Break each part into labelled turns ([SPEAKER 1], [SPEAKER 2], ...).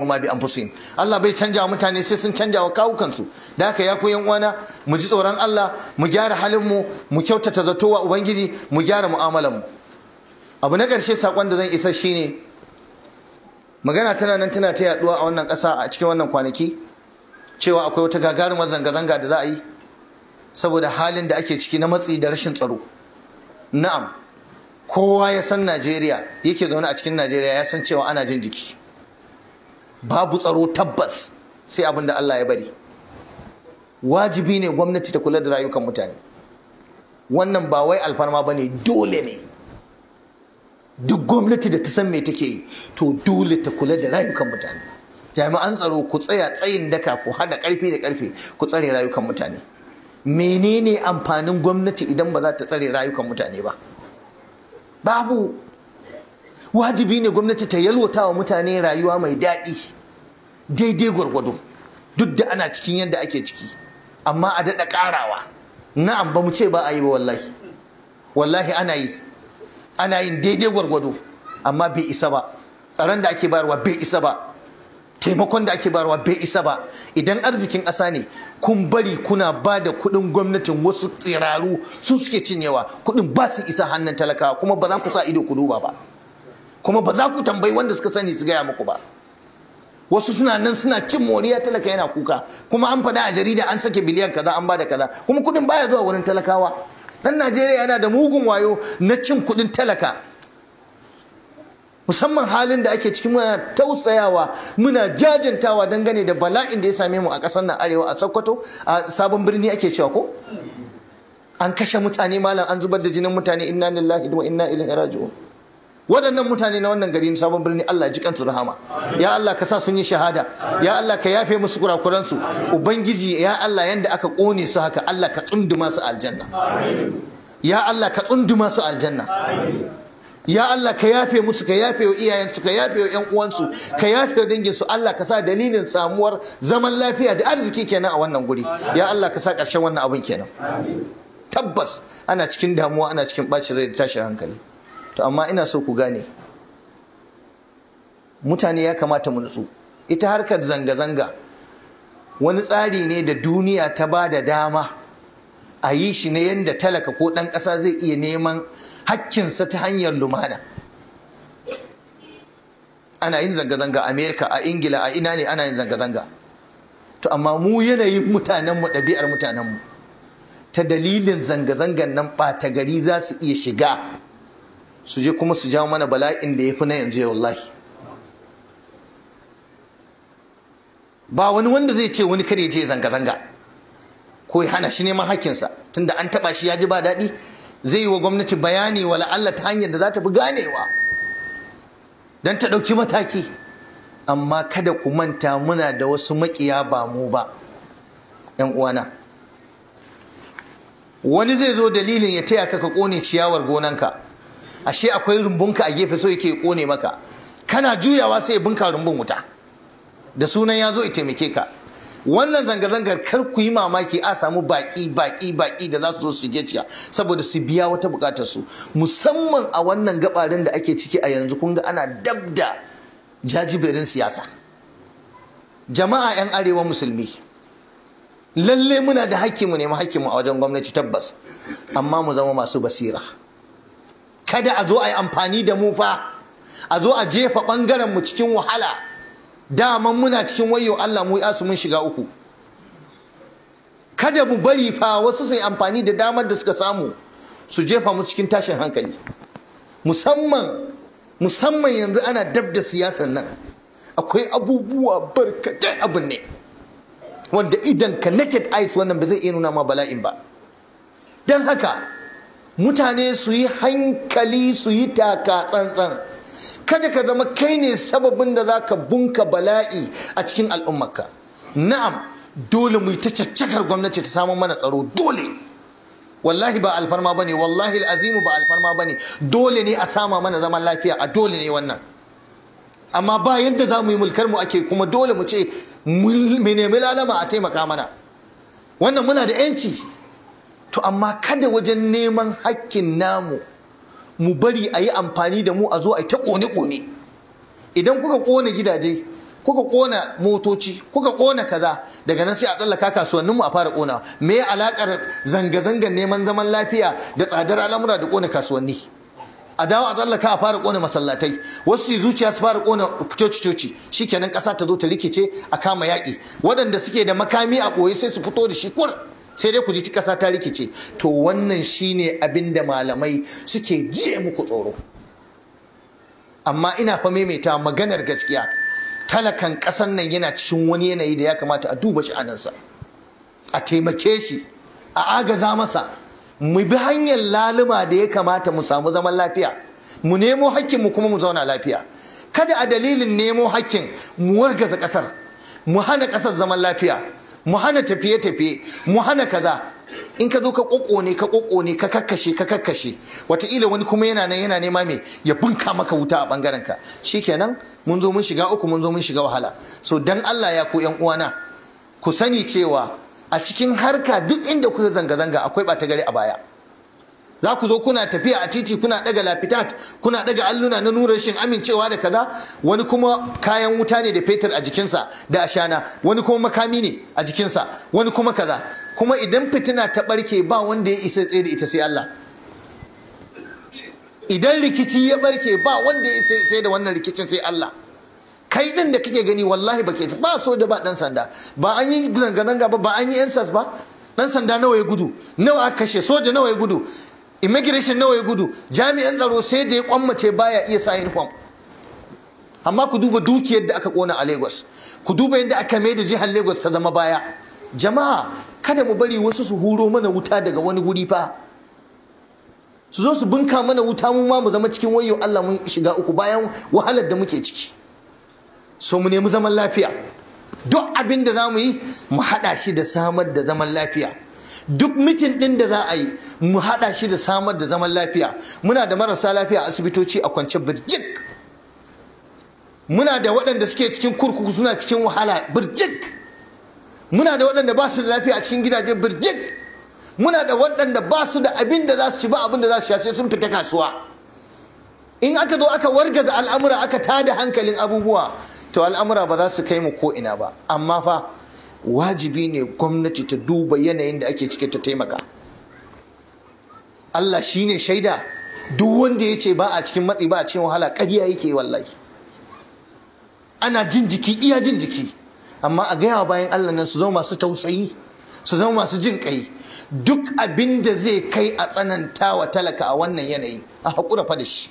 [SPEAKER 1] ma bi anfusihim Allah bai canja wa mutane sai sun canja wa kawukansu da haka ya yan uwana mu ji tsoron Allah mu gyara halin mu mu kyautata zato wa ubangiji mu gyara mu'amalar mu abu na ƙarshe sakon da zan isa shine magana tana nan tana ta yaduwa a wannan ƙasa a cikin wannan kwanaki cewa akwai wata gagarumar zanga-zanga da za a yi saboda halin da ake ciki na matsi da rashin tsaro na'am kowa ya san Najeriya yake zaune a cikin Najeriya ya san cewa ana jin jiki babu tsaro tabbas sai abin da Allah ya bari wajibi ne gwamnati ta kula da rayukan mutane wannan ba wai alfarma ba ne dole ne duk gwamnati da ta san me take yi to dole ta kula da rayukan mutane jami'an tsaro ku tsaya tsayin daka ku haɗa ƙarfi da ƙarfe ku tsare rayukan mutane menene amfanin gwamnati idan ba za ta tsare rayukan mutane ba babu wajibi ne gwamnati ta yalwata wa mutane rayuwa mai daɗi daidai gwargwado duk da ana cikin yadda ake ciki amma a daɗa ƙarawa na'am ba mu ce ba a yi ba wallahi wallahi ana yi ana yin daidai gwargwado amma bai isa ba tsaron da ake bayarwa bai isa ba taimakon da ake bayarwa bai isa ba idan arzikin ƙasa ne kun bari kuna ba da kuɗin gwamnatin wasu tsiraru su suke cinyewa kuɗin ba su isa hannun talakawa kuma ba za ku sa ido ku duba ba kuma ba za ku tambayi wanda suka sani su gaya muku ba wasu suna nan suna cin moriya talaka yana kuka kuma an faɗa a jarida an sake biliyan kaza an bada kaza kuma kuɗin baya zuwa wurin talakawa Ɗan Najeriya yana da mugun wayo na cin kuɗin talaka musamman halin da ake ciki muna tausayawa muna jajantawa dangane da bala'in da ya same mu a ƙasar nan arewa a Sokoto a sabon birni ake cewa ko an kashe mutane malam an zubar da jinin mutane inna lillahi wa inna ilaihi raji'un waɗannan mutane na wannan gari sabon birni Allah ji kansu rahama ya Allah ka sa sun yi shahada ya Allah ka yafe musu kurakuransu ubangiji ya Allah yanda aka kone su haka Allah ka tsunduma su aljanna ya Allah ka tsunduma su aljanna ya Allah ka yafe musu ka yafe wa iyayensu ka yafe wa 'yan uwansu ka yafe wa danginsu Allah ka sa dalilin samuwar zaman lafiya da arziki kenan a wannan guri ya Allah ka sa ƙarshen wannan abin kenan tabbas ana cikin damuwa ana cikin bacin rai da tashin hankali to amma ina so ku gane mutane ya kamata mu nutsu ita harkar zanga-zanga wani tsari ne da duniya ta ba da dama a yi shi ne yadda talaka ko ɗan ƙasa zai iya neman hakkinsa ta hanyar lumana ana yin zanga-zanga a amerika a ingila a ina ne ana yin zanga-zanga to amma mu yanayin mutanenmu ɗabi'ar mutanenmu ta dalilin zanga-zangan nan ɓata gari za su iya shiga su je kuma su jawo mana bala'in da ya fi na yanzu ya wallahi ba wani wanda zai ce wani kare je zanga-zanga ko ya hana shi neman hakinsa tunda an taba shi ya ji ba daɗi zai yi wa gwamnati bayani wa la'alla ta hanyar da za ta fi ganewa don ta ɗauki mataki amma kada ku manta muna da wasu maƙiya ba mu ba 'yan uwana wani zai zo dalilin ya taya ka ka ƙone ciyawar gonanka ashe akwai rumbunka a gefe so yake kone maka kana juyawa sai ya bunka rumbun wuta da sunan ya zo ya taimake ka wannan zanga-zangar kar ku yi mamaki a samu baki baki baki da za su zo su je saboda su biya wata bukatar su musamman a wannan gabarin da ake ciki a yanzu kun ana dab da jajiberin siyasa jama'a 'yan arewa musulmi lalle muna da hakki mu nemi hakki mu a wajen gwamnati tabbas amma mu zama masu basira kada a zo a yi amfani da mu fa a zo a jefa ɓangaren mu cikin wahala dama muna cikin wayo Allah mu yasu mun shiga uku kada mu bari fa wasu su yi amfani da damar da suka samu su jefa mu cikin tashin hankali musamman musamman yanzu ana dab da siyasar nan akwai abubuwa barkatai abin ne wanda idan ka naked eyes wannan ba zai iya nuna ma bala'in ba don haka mutane su yi hankali su yi taka tsantsan kada ka zama kai ne sababin da za ka bunka bala'i a cikin al'ummarka na'am dole mu yi ta caccakar gwamnati ta samun mana tsaro dole wallahi ba alfarma ba ne wallahi al'azimu ba alfarma ba ne dole ne a sama mana zaman lafiya a dole ne wannan amma ba yadda za mu yi mulkar mu ake kuma dole mu ce mu nemi lalama a taimaka mana wannan muna da 'yanci to amma kada wajen neman hakkin namu mu bari a yi amfani da mu a zo a yi ta ƙone-ƙone idan kuka ƙone gidaje kuka ƙona motoci kuka ƙona kaza daga nan sai a tsallaka kasuwanninmu a fara ƙona me alaƙar zanga-zangar neman zaman lafiya da tsadar al'amura da ƙona kasuwanni a dawo a tsallaka a fara ƙona masallatai wasu su zuciya su fara ƙona coci-coci kenan ƙasa ta zo ta rikice a kama yaƙi waɗanda suke da makami a ɓoye sai su fito da shi kur sai dai ku ji kasa ta rikice to wannan shine abin da malamai suke jiye muku tsoro amma ina fa maimaita maganar gaskiya talakan ƙasar nan yana cikin wani yanayi da ya kamata a duba shi a taimake shi a agaza masa mu bi hanyar laluma da ya kamata mu samu zaman lafiya mu nemo hakkin mu kuma mu zauna lafiya kada a dalilin nemo hakkin mu wargaza ƙasar mu hana ƙasar zaman lafiya mu hana tafiye-tafiye mu hana kaza in ka zo ka ƙoƙo ne ka ƙoƙo ne ka kakkashe ka kakkashe wataƙila wani kuma yana nan yana nema mai ya bunka maka wuta a ɓangaren ka Shi shikenan mun zo mun shiga uku mun zo mun shiga wahala so dan Allah ya ku yan uwana ku sani cewa a cikin harka duk inda kuka zanga-zanga akwai ɓata gari a baya za ku zo kuna tafiya a titi kuna daga lafitat kuna daga alluna na nura rashin amincewa da kaza wani kuma kayan wuta ne da fetur a jikinsa da ashana wani kuma makami ne a jikinsa wani kuma kaza kuma idan fitina ta barke ba wanda ya isa tsaye da ita sai Allah idan rikici ya barke ba wanda ya isa tsaye da wannan rikicin sai Allah kai din da kake gani wallahi ba ke ba soja ba dan sanda ba an yi zanga-zanga ba ba an yi ensas ba dan sanda nawa ya gudu nawa aka kashe soja nawa ya gudu immigration nawa ya gudu jami'an tsaro sai da ya kwammace baya iya sa uniform amma ku duba dukiyar da aka kona a Lagos ku duba yadda aka mai da jihar Lagos ta zama baya jama'a kada mu bari wasu su huro mana wuta daga wani guri fa su zo su bunka mana wuta mu ma mu zama cikin wayo Allah mun shiga uku bayan wahalar da muke ciki so mu nemi zaman lafiya duk abin da za mu yi mu haɗa shi da samar da zaman lafiya duk mitin din da za a yi mu hada shi da samar da zaman lafiya muna da marasa lafiya a asibitoci a kwance birjik muna da waɗanda suke cikin kurkuku suna cikin wahala birjik muna da waɗanda ba su da lafiya a cikin gidaje birjik muna da waɗanda ba su da abin da za su ci ba abin da za su sha sun fita kasuwa in aka zo aka wargaza al'amura aka tada hankalin abubuwa to al'amura ba za su kai mu ko ina ba amma fa wajibi ne gwamnati ta duba yanayin da ake cike ta taimaka Allah shi ne shaida duk wanda ya ce ba a cikin matsi ba a cikin wahala ƙarya yake wallahi ana jin jiki iya jin jiki amma a gaya bayan Allah nan su zama masu tausayi su zama masu jin kai duk abin da zai kai a tsananta wa talaka a wannan yanayi a haƙura fa da shi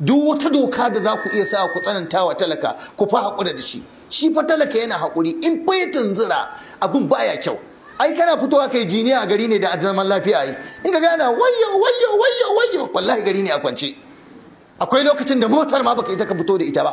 [SPEAKER 1] duk wata doka da za ku iya sa ku tsananta wa talaka ku fa haƙura da shi shi fa talaka yana haƙuri in fa ya tunzura abin baya kyau ai kana fitowa kai jiniya a gari ne da zaman lafiya ai in ka gana wayyo wayyo wayyo wayyo wallahi gari ne a kwance akwai lokacin da motar ma baka ita ka fito da ita ba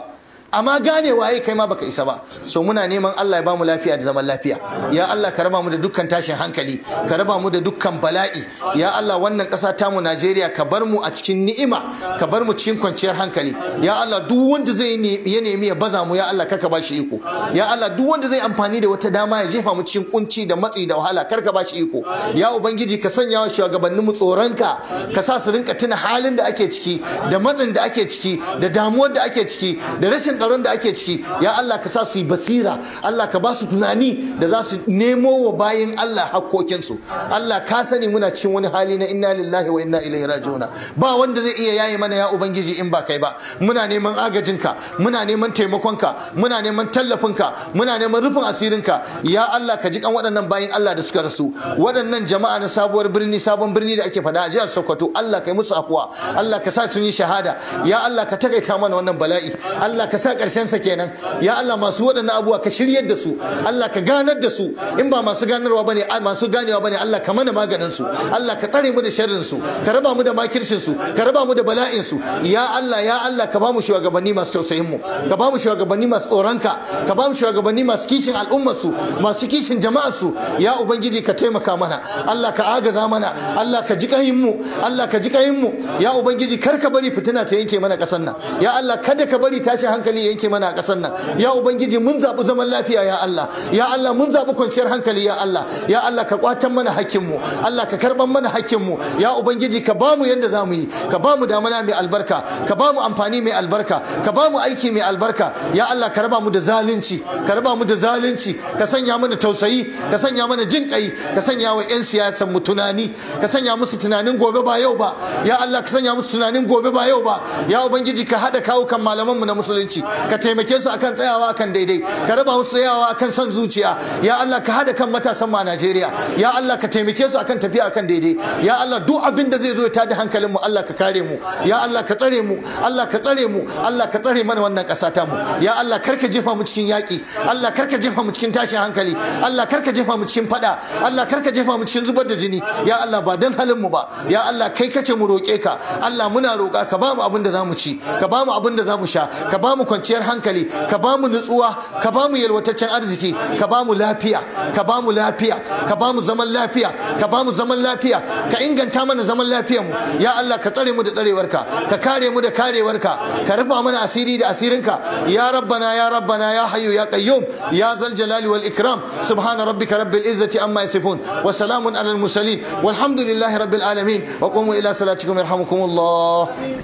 [SPEAKER 1] amma gane waye kai ma baka isa ba so muna neman Allah ya bamu lafiya da zaman lafiya ya Allah ka raba mu da dukkan tashin hankali ka raba mu da dukkan bala'i ya Allah wannan ƙasa tamu Najeriya ka bar mu a cikin ni'ima ka bar mu cikin kwanciyar hankali ya Allah duk wanda zai ya nemi ya baza mu ya Allah ka ba shi iko ya Allah duk wanda zai amfani da wata dama ya jefa mu cikin kunci da matsi da wahala kar ka ba shi iko ya ubangiji ka sanya wa shugabannin mu tsoronka ka sa su rinka tuna halin da ake ciki da matsin da ake ciki da damuwar da ake ciki da rashin shekarun da ake ciki ya Allah ka sa su yi basira Allah ka ba su tunani da za su nemo wa bayan Allah hakkokinsu Allah ka sani muna cikin wani hali na inna lillahi wa inna ilaihi raji'un ba wanda zai iya yaye mana ya ubangiji in ba kai ba muna neman agajinka muna neman taimakonka muna neman tallafinka muna neman rufin asirinka ya Allah ka ji kan waɗannan bayan Allah da suka rasu waɗannan jama'a na sabuwar birni sabon birni da ake faɗa a jihar Sokoto Allah kai musu afuwa Allah ka sa su yi shahada ya Allah ka takaita mana wannan bala'i Allah ka sa karshen sa kenan ya Allah masu waɗannan abubuwa ka shiryar da su Allah ka ganar da su in ba masu ganarwa bane masu ganewa bane Allah ka mana maganin su Allah ka tsare mu da sharrin su ka raba mu da makircin su ka raba mu da bala'in su ya Allah ya Allah ka ba mu shugabanni masu tausayin mu ka ba mu shugabanni masu tsoronka ka ba mu shugabanni masu kishin al'ummar su masu kishin jama'ar su ya ubangiji ka taimaka mana Allah ka agaza mana Allah ka ji kayin mu Allah ka ji kayin mu ya ubangiji kar ka bari fitina ta yanke mana kasan nan ya Allah kada ka bari tashin hankali hankali yanke mana a ƙasar nan ya ubangiji mun zaɓi zaman lafiya ya Allah ya Allah mun zaɓi kwanciyar hankali ya Allah ya Allah ka kwatan mana hakkin mu Allah ka karban mana hakkin mu ya ubangiji ka ba bamu yanda zamu yi ka ba mu damana mai albarka ka ba mu amfani mai albarka ka ba mu aiki mai albarka ya Allah ka raba mu da zalunci ka raba mu da zalunci ka sanya mana tausayi ka sanya mana jin kai ka sanya wa 'yan siyasan mu tunani ka sanya musu tunanin gobe ba yau ba ya Allah ka sanya musu tunanin gobe ba yau ba ya ubangiji ka hada kawo kan malaman mu na musulunci ka taimake su akan tsayawa akan daidai ka raba wasu tsayawa akan son zuciya ya Allah ka hada kan matasan ma Najeriya ya Allah ka taimake su akan tafiya akan daidai ya Allah duk abin da zai zo ya tada hankalin mu Allah ka kare mu ya Allah ka tsare mu Allah ka tsare mu Allah ka tsare mana wannan ƙasa ta mu ya Allah kar ka jefa mu cikin yaƙi Allah kar ka jefa mu cikin tashin hankali Allah kar ka jefa mu cikin fada Allah kar ka jefa mu cikin zubar da jini ya Allah ba dan halin mu ba ya Allah kai kace mu roke ka Allah muna roka ka ba mu abin da za mu ci ka ba mu abin da zamu sha ka ba mu kwanciyar hankali ka ba mu nutsuwa ka ba mu yalwataccen arziki ka ba mu lafiya ka ba mu lafiya ka ba mu zaman lafiya ka ba mu zaman lafiya ka inganta mana zaman lafiyar mu ya Allah ka tsare mu da tsarewarka ka kare mu da karewarka ka rufa mana asiri da asirinka ya rabbana ya rabbana ya hayyu ya qayyum ya zal jalali wal ikram subhana rabbika rabbil izzati amma yasifun wa salamun alal mursalin walhamdulillahi rabbil alamin wa qumu ila salatikum yarhamukumullah